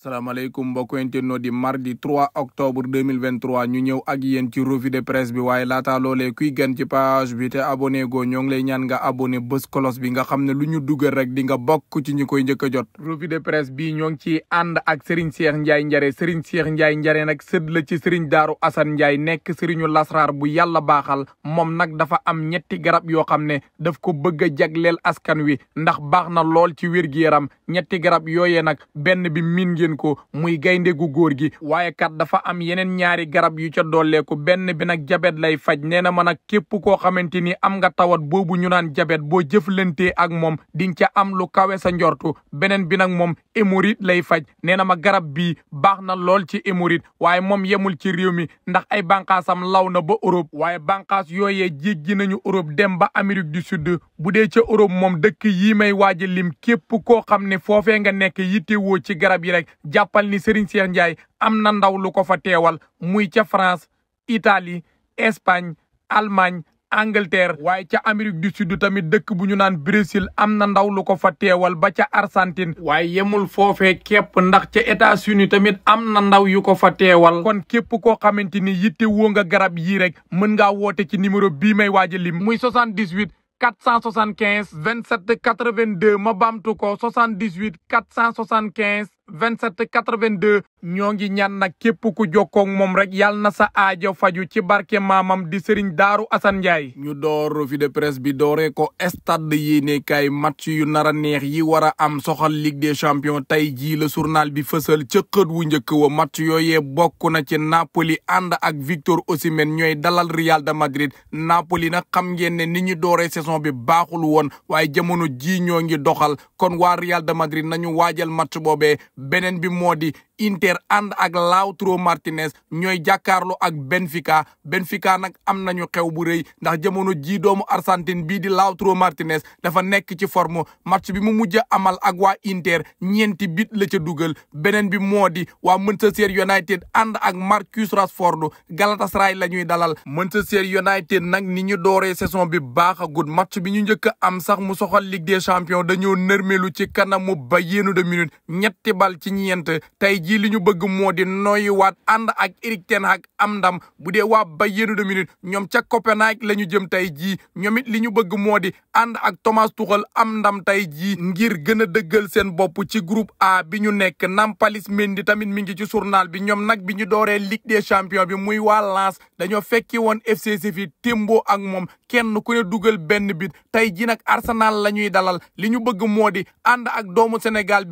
salaamaaleykum mbokk internaute di mardi 3 octobre 2023 ñu ñëw ak yéen ci revue de presse bi waaye laata loolee kuy gën ci page bi te abonné go ñoo ngi lay ñaan nga abonné bés kolos bi nga xam ne lu ñu dugal rek di nga bokk ci ñu koy njëkk a jot revue de presse bi ñoo ngi ci ànd ak Serigne Cheikh Ndiaye Njare seriñ Cheikh Ndiaye Njare nag sët la ci Serigne Daaru Assane Ndiaye nekk Serigne Lasrar bu yàlla baaxal moom nag dafa am ñetti garab yoo xam ne daf ko bëgg a jagleel askan wi ndax baax na lool ci wér-gu-yaram ñetti garab yooyee nag ko muy gaynde gu góor gi waaye kat dafa am yeneen ñaari garab yu ca dolleeku benn bi nag jabet lay faj nee na ma nag képp koo xamante ni am nga tawat boobu ñu naan jabet boo jëflantee ak moom diñ ca am lu kawe sa njortu beneen bi nag moom hémorroïde lay faj nee na ma garab bi baax na lool ci hémorroïde waaye moom yemul ci réew mi ndax ay bànqaasam law na ba Europe waaye bànqaas yooyee jéggi nañu Europe dem ba Amérique du Sud bu dee ca Europe moom dëkk yii may waaja lim képp koo xam ne foofee nga nekk yittewoo ci garab yi rek jàppal ni Serigne Cheikh Ndiaye am na ndaw lu ko fa teewal muy ca France itali Espagne Allemagne Angleterre waaye ca Amérique du Sud tamit dëkk bu ñu naan Brésil am na ndaw lu ko fa teewal ba ca Argentine waaye yemul foofee képp ndax ca États-Unis tamit am na ndaw yu ko fa teewal kon képp koo xamante ni yitte woo nga garab yii rek mën ngaa woote ci numéro bii may waaj a lim muy 78 475 27 82 ma baamtu ko 78 475 27 82 ñoo ngi ñaan nag képp ku jokkoo moom rek yàlla na sa aajo faju ci barke maamam di sëriñ Daaru Assane ñu door revue bi dooree ko stade yéenekaay match yu nar a neex yi war a am soxal Ligue des champions tey jii la journal bi fësal ca wu njëkk wa match yooyee bokk na ci Napoli ànd ak Victor Osimhen ñooy dalal Real de Madrid Napoli nag xam ngeen ne ni ñu dooree saison bi baaxul woon waaye jamono jii ñoo ngi doxal kon waa Real de Madrid nañu waajal match boobee beneen bi moo di Inter ànd ak law Lautaro Martinez ñooy jàkkaarloo ak Benfica Benfica nag am nañu xew bu rëy ndax jamono jii doomu Argentine bii di Lautaro Martinez dafa nekk ci forme match bi mu mujj amal ak waa Inter ñeenti bit la ca dugal beneen bi moo di waa Manchester United ànd ak Marcus Rashford Galatasaray la ñuy dalal Manchester United nag ni ñu dooree saison bi baaxagut match bi ñu njëkk am sax mu soxal Ligue des Champions dañoo nërmelu ci kanamu Bayern de Munich ñetti bal ci ñeent tey jii li ñu bëgg moo di noyyiwaat ànd ak Erik ten Hag am ndam bu dee waa Bayern de Munich ñoom ca Copenhague la ñu jëm tey jii ñoom li ñu bëgg moo di ànd ak Thomas Tuchel am ndam tey jii ngir gën a dëggal seen bopp ci groupe A bi ñu nekk Nampalys Mendy tamit mi ngi ci journal bi ñoom nag bi ñu dooree Ligue des Champions bi muy waa Lens dañoo fekki woon FC fi témboo ak moom kenn ku ne dugal benn bi tey jii nag Arsenal la ñuy dalal li ñu bëgg moo di ànd ak doomu Sénégal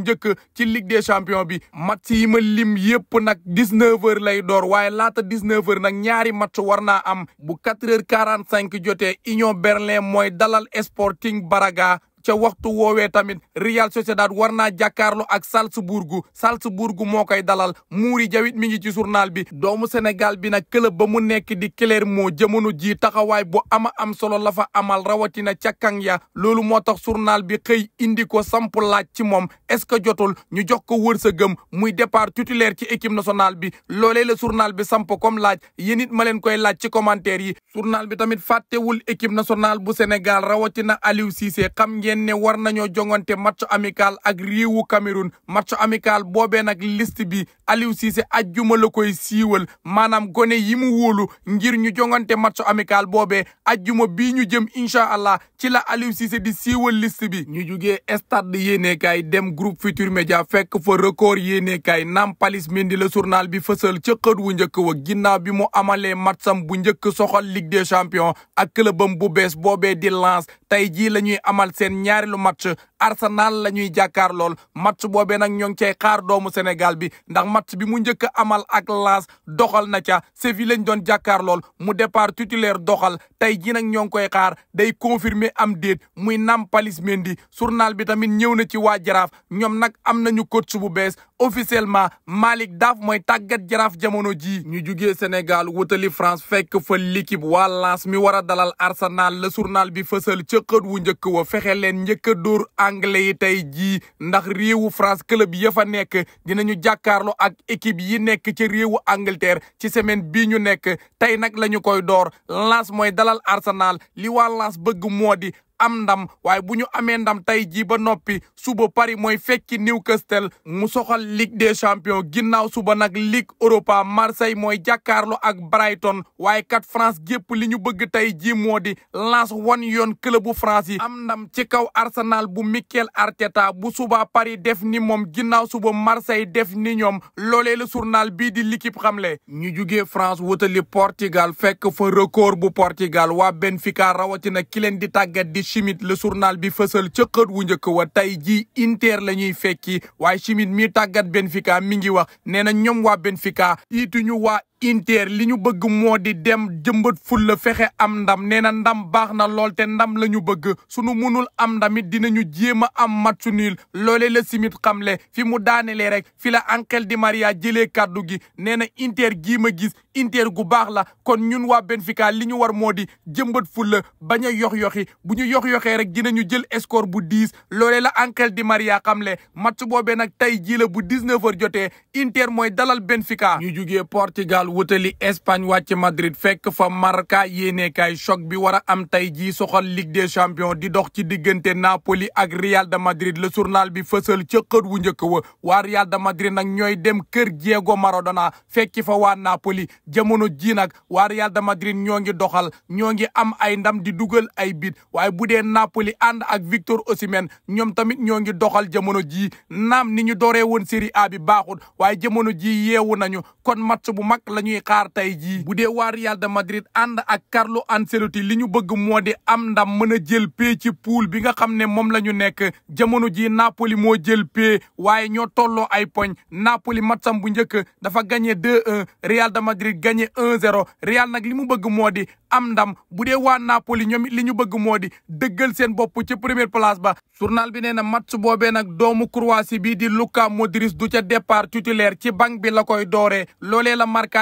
njëkk ci ligue des champions bi match yi ma lim yépp nag dix neuf heures lay door waaye laata dix neuf heures nag ñaari match war naa am bu quatre heures quarante cinq jote Union Berlin mooy dalal Sporting baraga ca waxtu woowee tamit Real Sociedad war naa jàkkaarloo ak Salzburg Salzburg moo koy dalal muuri jawit mi ngi ci surnal bi doomu Sénégal bi nag club ba mu nekk di moo jamono ji taxawaay bu ama am solo la fa amal rawatina ca kang ya loolu moo tax surnal bi xëy indi ko samp laaj ci moom est-ce que jotul ñu jox ko wërsëgam muy départ titulaire ci équipe national bi loolee la journal bi samp comme laaj yenit it ma leen koy laaj ci commentaire yi journal bi tamit fàttewul équipe nationale bu Sénégal rawatina Aliou ngeen ne war nañoo jongante match amical ak réewu Cameroun match amical boobee nag list bi Aliou Cissé ajjuma la koy siiwal maanaam gone yi mu wóolu ngir ñu jongante match amical boobee ajjuma bii ñu jëm incha allah ci la Aliou Cissé di siiwal liste bi. ñu jugee stade yéenekaay dem groupe Futur Media fekk fa record yéenekaay nampalis Mendy la journal bi fësal ca wu njëkk wa ginnaaw bi mu amalee matcham bu njëkk soxal Ligue des champions ak clubam bu bees boobee di Lens tey jii ñuy amal seen. seen ñaareelu match Arsenal la ñuy jàkkaar lool match boobee nag ñoo ngi cay xaar doomu Sénégal bi ndax match bi mu njëkk amal ak Lens doxal na ca Séville lañ doon jàkkaar lool mu départ titulaire doxal tey ji nag ñoo ngi koy xaar day confirmer am déet muy Nampalys Mendy surnal bi tamit ñëw na ci waa Jaraaf ñoom nag am nañu coach bu bees officiellement Malick Daaf mooy tàggat Jaraaf jamono jii ñu jugee Sénégal wutali France fekk fa l'équipe wa Lens mi war a dalal Arsenal la surnal bi fësal ca njëkk wa fexe leen njëkk a dóor anglais yi tey jii ndax réewu France club ya fa nekk dina ñu jàkkaarloo ak équipe yi nekk ci réewu Angleterre ci semaine bii ñu nekk tey nag lañu koy door Lens mooy dalal Arsenal li waa Lens bëgg moo di am ndam waaye bu ñu amee ndam tey jii ba noppi suba Paris mooy fekki Newcastle mu soxal Ligue des champion ginnaaw suba nag Ligue Europa Marseille mooy jàkkaarloo ak Brighton waaye kat France gépp li ñu bëgg tey jii moo di lance wan yoon clubu France yi am ndam ci kaw Arsenal bu Mikel Arteta bu suba Paris def ni moom ginnaaw suba Marseille def ni ñoom loolee la journal bii di l'équipe xamle ñu jugee France wutali Portugal fekk fa record bu Portugal waa Benfica rawatina ki leen di tàggat di Chimite le journal bi fësal ca xët wu njëkk wa tey ji Inter la ñuy fekki waaye Chimite mi tàggat Benfica mi ngi wax nee na ñoom waa Benfica iituñu waa Inter li ñu bëgg moo di dem jëmbat ful la fexe am ndam nee na ndam baax na lool te ndam la ñu bëgg sunu munul am ndamit ñu jéem a am match nul loole la simit xamle fi mu daanelee rek fi la Angel Di Maria jëlee kàddu gi nee na Inter gii ma gis Inter gu baax la kon ñun waa Benfica li ñu war moo di jëmbat ful la bañ a yox-yoxi bu ñu yox-yoxee rek dinañu jël score bu diis loole la Angel Di Maria xamle match boobe nag tey jii bu 19 heures jotee Inter mooy dalal Benfica ñu jugee Portugal wutali Espagne wàcc Madrid fekk fa Marca yéenekaay choc bi war am tey ji soxal Ligue des champions di dox ci diggante Napoli ak Real de Madrid le journal bi fësal ca xët wu njëkk wa waa Real de Madrid nag ñooy dem kër Diego Maradona fekki fa waa Napoli jamono ji nag waa Real de Madrid ñoo ngi doxal ñoo ngi am ay ndam di dugal ay bit waaye bu dee Napoli ànd ak Victor Osimhen ñoom tamit ñoo ngi doxal jamono jii naam ni ñu dooree woon Serie A bi baaxul waaye jamono jii la ñuy xaar tey jii bu dee waa Real de Madrid ànd ak Carlo Ancelotti li ñu bëgg moo di am ndam mën a jël pee ci poule bi nga xam ne moom la ñu nekk jamono ji Napoli moo jël pe waaye ñoo tolloo ay poñ Napoli matsam bu njëkk dafa gañe 2-1 Real de Madrid gagné 1-0 Real nag li mu bëgg moo di am ndam bu dee waa Napoli ñoom li ñu bëgg moo di dëggal seen bopp ci première place ba journal bi nee na match boobee nag doomu Croatie bii di Luka Modric du ca départ titulaire ci banc bi la koy dooree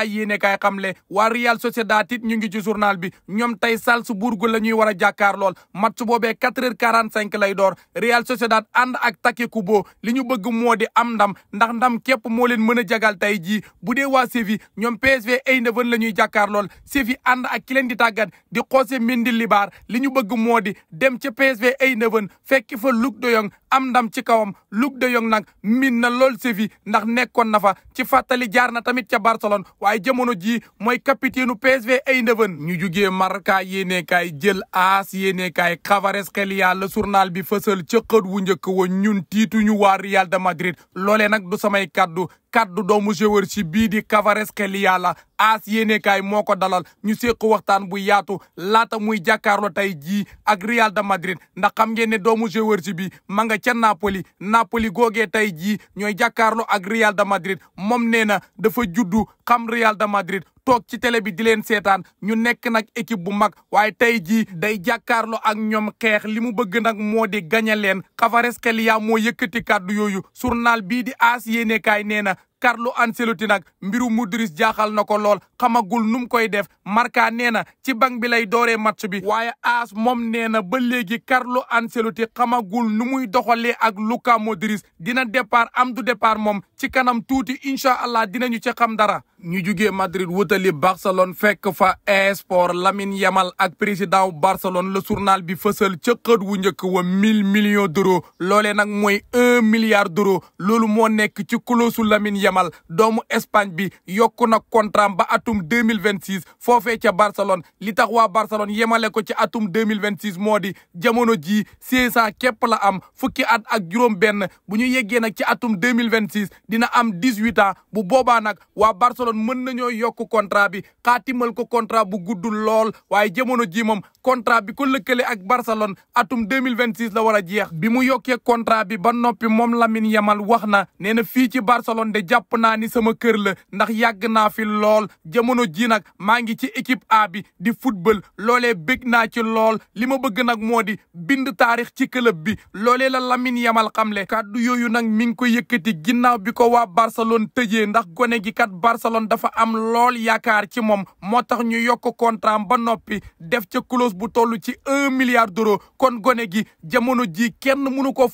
kaay yéene kaay xam le waa Real Sociedad it ñu ngi ci journal bi ñoom tey Salzburg la ñuy war a jàkkaar lool match boobee quatre heures quarante cinq lay door Real Sociedad ànd ak Take Kubo li ñu bëgg moo di am ndam ndax ndam képp moo leen mën a jagal tey jii bu dee waa Séville ñoom PSV Eindhoven la ñuy jàkkaar lool Séville ànd ak ki leen di tàggat di José Mendilibar li ñu bëgg moo di dem ca PSV Eindhoven fekki fa Luc de Jong am ndam ci kawam Luc de Jong nag min na lool Séville ndax nekkoon na fa ci fàttali jaar na tamit ca Barcelone jamono ji mooy capitaine u PSV Eindhoven ñu jugee Marca yéenekaay jël AS yéenekaay Xavares xel yàlla journal bi fësal ca wu njëkk wa ñun tiituñu waa Real de Madrid loole nag du samay kaddu kaddu doomu joueur ci bii di Kvaratskhelia aas yéenekaay moo ko dalal ñu séq waxtaan bu yaatu laata muy jàkkaarloo tey jii ak Real de Madrid ndax xam ngeen ne doomu joueur bi ma nga ca Napoli Napoli googee tey jii ñooy jàkkaarloo ak Real de Madrid moom nee na dafa juddu xam Real de Madrid toog ci télé bi di leen seetaan ñu nekk nag équipe bu mag waaye tey jii day jàkkaarloo ak ñoom xeex li mu bëgg nag moo di gañe leen Xavareskeliya moo yëkkati kàddu yooyu journal bii di aas yéenekaay nee na Carlo Ancelotti nag mbiru Modric jaaxal na ko lool xamagul nu mu koy def Marca nee na ci banc bi lay dooree match bi waaye AS moom nee na ba léegi Carlo Ancelotti xamagul nu muy doxalee ak Luka Modric dina départ am du départ moom ci kanam tuuti incha allah dinañu ci xam dara. ñu jugee Madrid wutali Barcelone fekk fa esport Lamine Yamal ak président Barcelone la journal bi fësal ca xët wu njëkk wa mille millions d'euros loole nag mooy un milliard d'euros loolu moo nekk ci kuloosu Lamine yemal doomu Espagne bi yokku na contrat ba atum deux mille vingt six foofee ca Barcelone li tax waa Barcelone yemale ko ci atum deux mille vingt six moo di jamono jii six cent képp la am fukki at ak juróom-benn bu ñu yeggee nag ci atum deux mille vingt six dina am dix huit ans bu boobaa nag waa Barcelone mën nañoo yokk contrat bi xaatimal ko contrat bu guddul lool waaye jamono jii moom contrat bi ko lëkkale ak Barcelone atum deux mille vingt six la wala jeex bi mu yokke contrat bi ba noppi. bi moom Lamine Yamal wax na nee na fii ci Barcelone de jàpp naa ni sama kër la ndax yàgg naa fi lool jamono ji nag maa ngi ci équipe A bi di football loole bég naa ci lool li ma bëgg nag moo di bind taarix ci club bi loole la Lamine Yamal xamle kàddu yooyu nag mi ngi ko yëkkati ginnaaw bi ko waa Barcelone tëjee ndax gone gi kat Barcelone dafa am lool yaakaar ci moom moo tax ñu yokk contrat ba noppi def ca clause bu toll ci un milliard d'euros kon gone gi jamono ji kenn mënu ko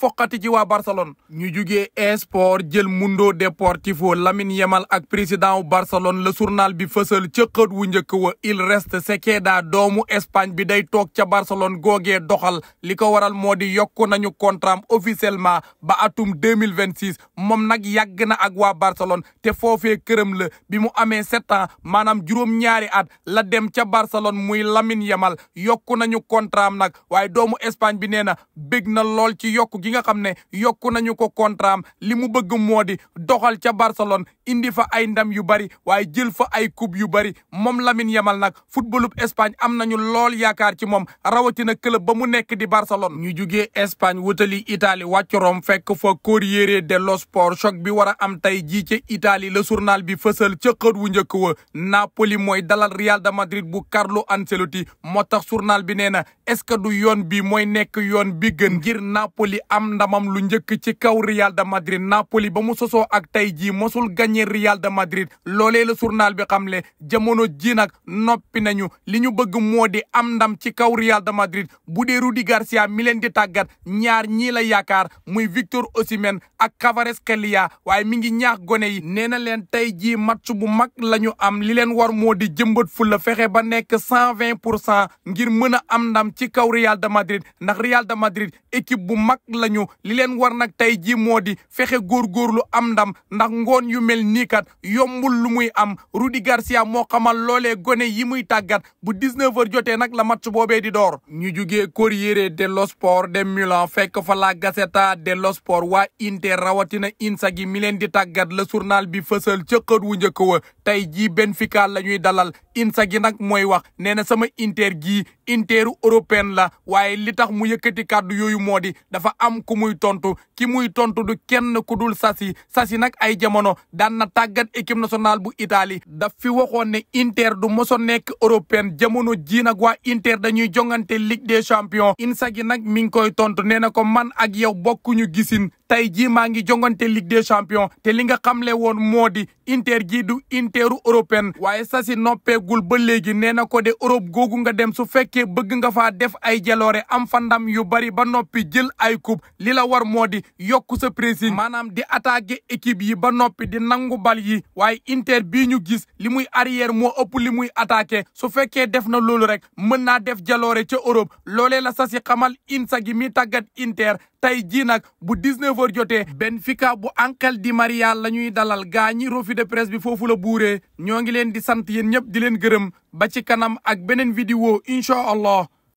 Barcelone ñu jugee esport jël Mundo Deportivo Lamine Yamal ak président wu Barcelone le journal bi fësal ca xët wu njëkk wa il reste Sekeda doomu Espagne bi day toog ca Barcelone googee doxal li ko waral moo di yokku nañu contrat officiellement ba atum 2026 moom nag yàgg na ak wa Barcelone te foofe këram la bi mu amee sept ans maanaam juróom-ñaari at la dem ca Barcelone muy Lamine yemal yokk nañu contrat am nag waaye doomu Espagne bi nee na na lool ci yokku gi nga nañu ko contrat li mu bëgg moo di doxal ca Barcelone indi fa ay ndam yu bari waaye jël fa ay coupe yu bari moom Lamine Yamal nag footballu Espagne am nañu lool yaakaar ci moom rawatina club ba mu nekk di Barcelone. ñu jugee Espagne wutali Italie wàcc Rome fekk fa Corriere dello Sport choc bi war a am tey jii ca Italie le journal bi fësal ca wu njëkk wa Napoli mooy dalal Real de Madrid bu Carlo Ancelotti moo tax journal bi nee na est-ce que du yoon bi mooy nekk yoon bi gën ngir Napoli am ndamam lu njëkk ci kaw Real de Madrid Napoli ba mu ak tey jii mosul gagné Real de Madrid loole la journal bi xamle jamono ji nag noppi nañu li ñu bëgg moo di am ndam ci kaw Real de Madrid bu deru Rudi Garcia mi di tàggat ñaar ñii la yaakaar muy Victor Osimhen ak Kvaratskhelia waaye mi ngi ñaax gone yi nee na leen tey jii match bu mag la ñu am li leen war moo di jëmbat fulla fexe ba nekk cent vingt pour cent ngir mën a am ndam ci kaw Real de Madrid ndax Real de Madrid équipe bu mag la nag tey ji moo di fexe góor góorgóorlu am ndam ndax ngoon yu mel nii kat yombul lu muy am Rudi Garcia moo xamal loole gone yi muy tàggat bu 19h jotee nag la match boobee di door. ñu jugee Corriere dello Sport de Milan fekk fa la Gazzetta dello Sport waa Inter rawatina Inzaghi mi leen di tàggat la journal bi fësal ca xët wu njëkk wa tey jii Benfica la ñuy dalal Inzaghi nag mooy wax nee na sama Inter gii interu européenne la waaye li tax mu yëkkati kàddu yooyu moo di dafa am ku muy tontu ki muy tontu du kenn ku dul Sassi Sassi nag ay jamono daan na tàggat équipe nationale bu itali daf fi waxoon ne Inter du moso nekk européenne jamono jii nag waa Inter dañuy jongante Ligue des champions Inzaghi nag mi ngi koy tontu nee na ko man ak yow bokkuñu gisin tey jii maa ngi jongante Ligue des champions te li nga xam le woon moo di inter gi du interu européenne waaye si noppeegul ba léegi nee na ko de Europe googu nga dem su fekkee bëgg nga faa def ay jaloore am fa ndam yu bari ba noppi jël ay coupe li la war moo di yokku sa pressing maanaam di attaquer équipe yi ba noppi di nangu bal yi waaye inter bii ñu gis li muy arrière moo ëpp li muy attaquer su fekkee def na loolu rek mën naa def jaloore ca Europe loole la sasi xamal Inzaghi mi tàggat inter tey jii nag bu 19h jotee benn Benfica bu Ángel Di María la ñuy dalal gaa rofi revue de presse bi foofu la buuree ñoo ngi leen di sant yéen ñëpp di leen gërëm ba ci kanam ak beneen vidéo incha allah